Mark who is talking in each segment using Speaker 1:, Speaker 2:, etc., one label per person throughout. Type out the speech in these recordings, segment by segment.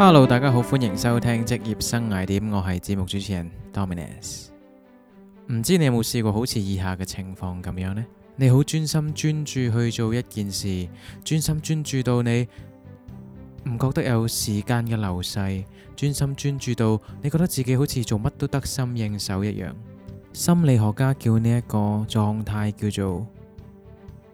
Speaker 1: Hello，
Speaker 2: 大家好，歡迎收聽職業生涯點，我係節目主持人 Dominus。唔知你有冇試過好似以下嘅情況咁樣呢？你好專心專注去做一件事，專心專注到你唔覺得有時間嘅流逝，專心專注到你覺得自己好似做乜都得心應手一樣。心理學家叫呢一個狀態叫做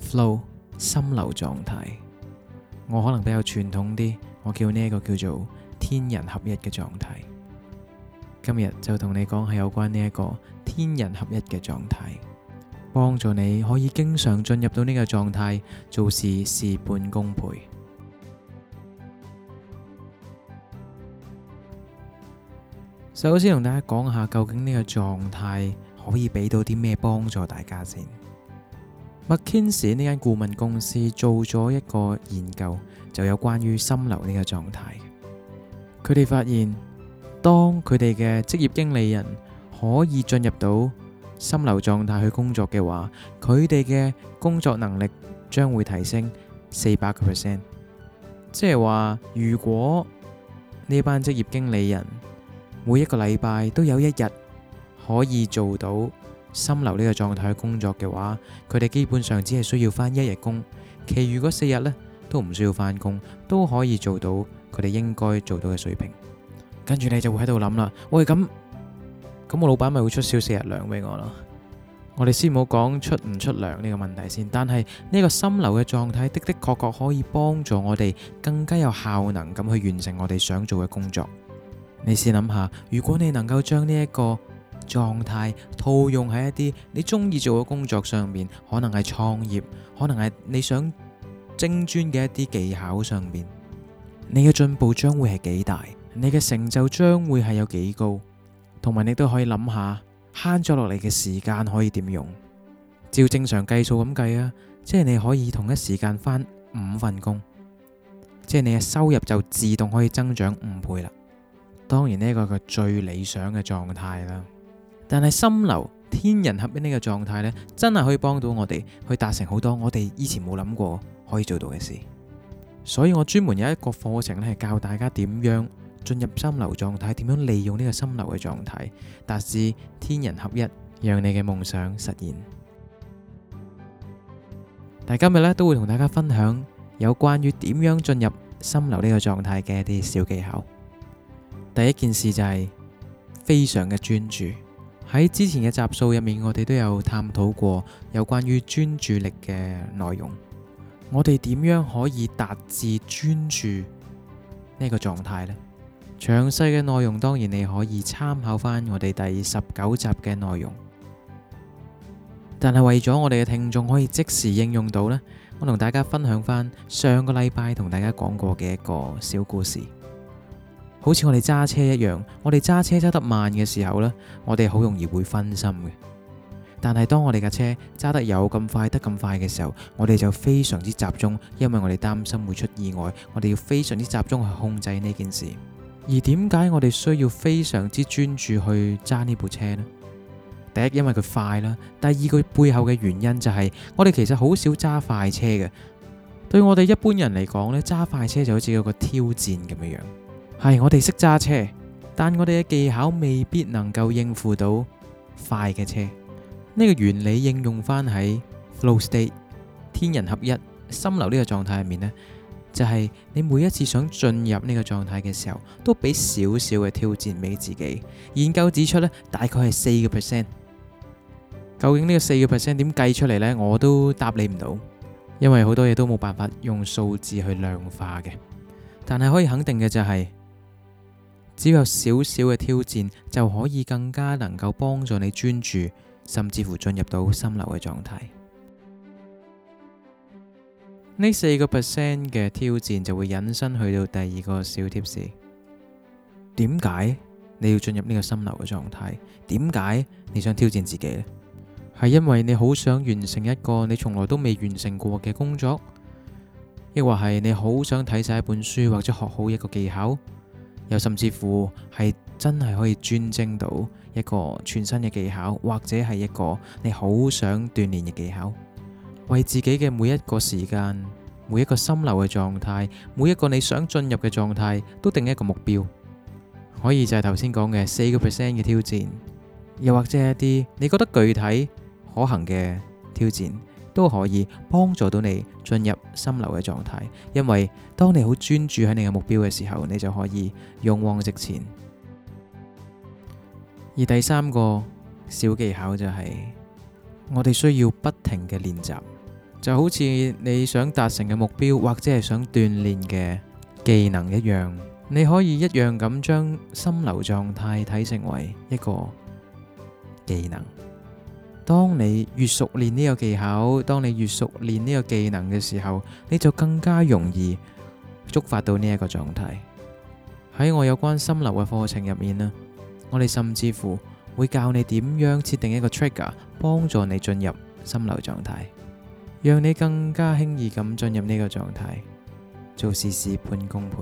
Speaker 2: flow，心流狀態。我可能比較傳統啲，我叫呢一個叫做天人合一嘅狀態，今日就同你講係有關呢一個天人合一嘅狀態，幫助你可以經常進入到呢個狀態，做事事半功倍。首先同大家講下，究竟呢個狀態可以俾到啲咩幫助大家先。麥肯士呢間顧問公司做咗一個研究，就有關於心流呢個狀態佢哋發現，當佢哋嘅職業經理人可以進入到心流狀態去工作嘅話，佢哋嘅工作能力將會提升四百個 percent。即係話，如果呢班職業經理人每一個禮拜都有一日可以做到心流呢個狀態去工作嘅話，佢哋基本上只係需要返一日工，其餘嗰四日呢都唔需要返工，都可以做到。佢哋應該做到嘅水平，跟住你就會喺度諗啦。喂，咁咁，我老闆咪會出少四日糧俾我咯？我哋先唔好講出唔出糧呢個問題先。但係呢個心流嘅狀態的的確確可以幫助我哋更加有效能咁去完成我哋想做嘅工作。你先諗下，如果你能夠將呢一個狀態套用喺一啲你中意做嘅工作上面，可能係創業，可能係你想精專嘅一啲技巧上面。你嘅進步將會係幾大，你嘅成就將會係有幾高，同埋你都可以諗下慳咗落嚟嘅時間可以點用？照正常計數咁計啦，即係你可以同一時間返五份工，即係你嘅收入就自動可以增長五倍啦。當然呢個係最理想嘅狀態啦，但係心流天人合一呢個狀態呢，真係可以幫到我哋去達成好多我哋以前冇諗過可以做到嘅事。所以我專門有一個課程咧，係教大家點樣進入心流狀態，點樣利用呢個心流嘅狀態，達至天人合一，讓你嘅夢想實現。但今日呢，都會同大家分享有關於點樣進入心流呢個狀態嘅一啲小技巧。第一件事就係非常嘅專注。喺之前嘅集數入面，我哋都有探討過有關於專注力嘅內容。我哋點樣可以達至專注呢個狀態呢？詳細嘅內容當然你可以參考翻我哋第十九集嘅內容。但係為咗我哋嘅聽眾可以即時應用到呢，我同大家分享翻上個禮拜同大家講過嘅一個小故事。好似我哋揸車一樣，我哋揸車揸得慢嘅時候呢，我哋好容易會分心嘅。但係，當我哋架車揸得有咁快，得咁快嘅時候，我哋就非常之集中，因為我哋擔心會出意外。我哋要非常之集中去控制呢件事。而點解我哋需要非常之專注去揸呢部車呢？第一，因為佢快啦；第二個背後嘅原因就係我哋其實好少揸快車嘅。對我哋一般人嚟講咧，揸快車就好似一個挑戰咁樣樣。係我哋識揸車，但我哋嘅技巧未必能夠應付到快嘅車。呢個原理應用翻喺 flow state 天人合一心流呢個狀態入面呢就係、是，你每一次想進入呢個狀態嘅時候，都俾少少嘅挑戰俾自己。研究指出呢大概係四個 percent。究竟呢個四個 percent 點計出嚟呢？我都答你唔到，因為好多嘢都冇辦法用數字去量化嘅。但係可以肯定嘅就係、是，只有少少嘅挑戰就可以更加能夠幫助你專注。甚至乎進入到心流嘅狀態，呢四個 percent 嘅挑戰就會引申去到第二個小 tips：點解你要進入呢個心流嘅狀態？點解你想挑戰自己呢？係因為你好想完成一個你從來都未完成過嘅工作，亦或係你好想睇晒一本書或者學好一個技巧，又甚至乎係真係可以專精到。一個全新嘅技巧，或者係一個你好想鍛煉嘅技巧，為自己嘅每一個時間、每一個心流嘅狀態、每一個你想進入嘅狀態，都定一個目標。可以就係頭先講嘅四個 percent 嘅挑戰，又或者一啲你覺得具體可行嘅挑戰，都可以幫助到你進入心流嘅狀態。因為當你好專注喺你嘅目標嘅時候，你就可以勇往直前。而第三個小技巧就係，我哋需要不停嘅練習，就好似你想達成嘅目標，或者係想鍛鍊嘅技能一樣，你可以一樣咁將心流狀態睇成為一個技能。當你越熟練呢個技巧，當你越熟練呢個技能嘅時候，你就更加容易觸發到呢一個狀態。喺我有關心流嘅課程入面呢我哋甚至乎會教你點樣設定一個 trigger，幫助你進入心流狀態，讓你更加輕易咁進入呢個狀態，做事事半功倍。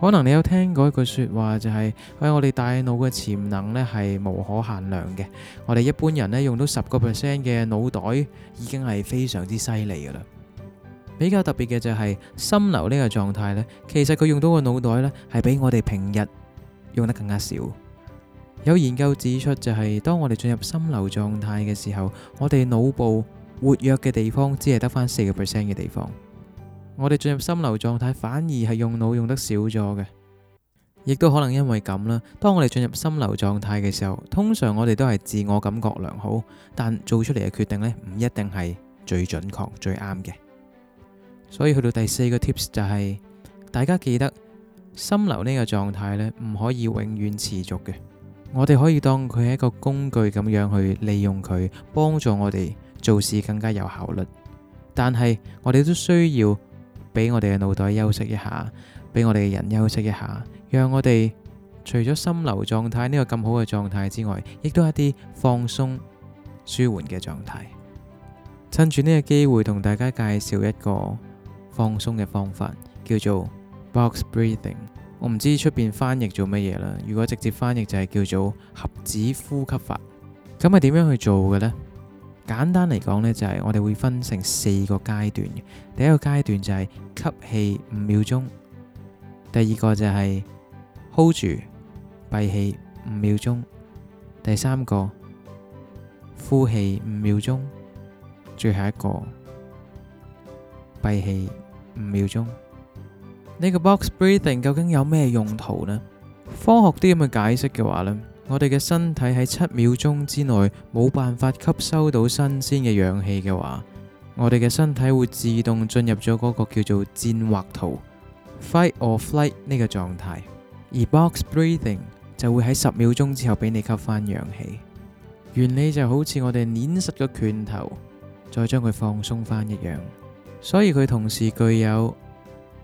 Speaker 2: 可能你有聽過一句說話，就係喺我哋大腦嘅潛能呢係無可限量嘅。我哋一般人呢用到十個 percent 嘅腦袋已經係非常之犀利噶啦。比較特別嘅就係心流呢個狀態呢，其實佢用到嘅腦袋呢，係比我哋平日，用得更加少。有研究指出，就是，就係當我哋進入心流狀態嘅時候，我哋腦部活躍嘅地方只係得翻四個 percent 嘅地方。我哋進入心流狀態，反而係用腦用得少咗嘅，亦都可能因為咁啦。當我哋進入心流狀態嘅時候，通常我哋都係自我感覺良好，但做出嚟嘅決定呢，唔一定係最準確、最啱嘅。所以去到第四個 tips 就係、是、大家記得。心流呢個狀態呢，唔可以永遠持續嘅。我哋可以當佢係一個工具咁樣去利用佢，幫助我哋做事更加有效率。但係我哋都需要俾我哋嘅腦袋休息一下，俾我哋嘅人休息一下，讓我哋除咗心流狀態呢個咁好嘅狀態之外，亦都係一啲放鬆舒緩嘅狀態。趁住呢個機會，同大家介紹一個放鬆嘅方法，叫做。Box breathing，我唔知出邊翻譯做乜嘢啦。如果直接翻譯就係叫做盒子呼吸法，咁係點樣去做嘅呢？簡單嚟講呢，就係我哋會分成四個階段，第一個階段就係吸氣五秒鐘，第二個就係 hold 住閉氣五秒鐘，第三個呼氣五秒鐘，最後一個閉氣五秒鐘。呢個 box breathing 究竟有咩用途呢？科學啲咁嘅解釋嘅話呢，我哋嘅身體喺七秒鐘之內冇辦法吸收到新鮮嘅氧氣嘅話，我哋嘅身體會自動進入咗嗰個叫做戰或逃 （fight or flight） 呢個狀態，而 box breathing 就會喺十秒鐘之後俾你吸翻氧氣。原理就好似我哋捻實個拳頭，再將佢放鬆翻一樣，所以佢同時具有。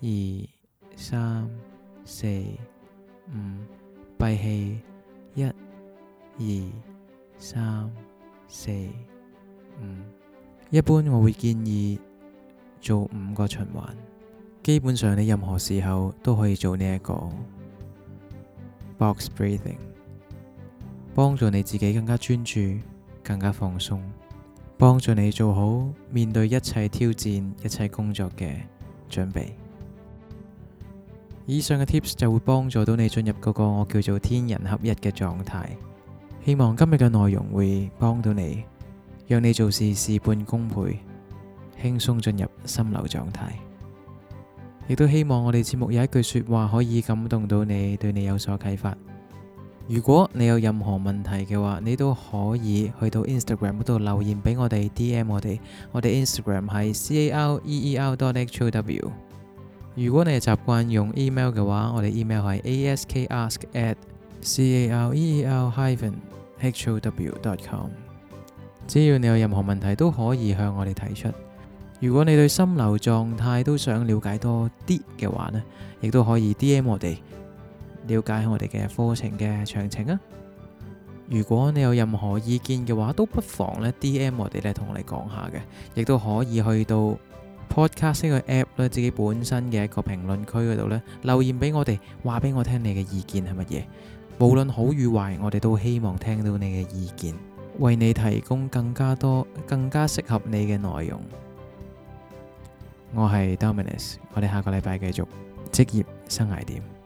Speaker 2: 二三四五閉氣，一二三四五。一般我會建議做五個循環。基本上，你任何時候都可以做呢一個 box breathing，幫助你自己更加專注、更加放鬆，幫助你做好面對一切挑戰、一切工作嘅準備。以上嘅 tips 就會幫助到你進入嗰個我叫做天人合一嘅狀態。希望今日嘅內容會幫到你，讓你做事事半功倍，輕鬆進入心流狀態。亦都希望我哋節目有一句説話可以感動到你，對你有所啟發。如果你有任何問題嘅話，你都可以去到 Instagram 嗰度留言俾我哋，DM 我哋，我哋 Instagram 係 Career.how。如果你係習慣用 email 嘅話，我哋 email 係 ask ask@career-how.com h e n。只要你有任何問題，都可以向我哋提出。如果你對心流狀態都想了解多啲嘅話呢亦都可以 D.M 我哋了解我哋嘅課程嘅詳情啊。如果你有任何意見嘅話，都不妨呢 D.M 我哋嚟同你講下嘅，亦都可以去到。Podcast 呢個 app 咧，自己本身嘅一個評論區嗰度呢，留言俾我哋，話俾我聽你嘅意見係乜嘢，無論好與壞，我哋都希望聽到你嘅意見，為你提供更加多、更加適合你嘅內容。我係 Dominus，我哋下個禮拜繼續職業生涯點。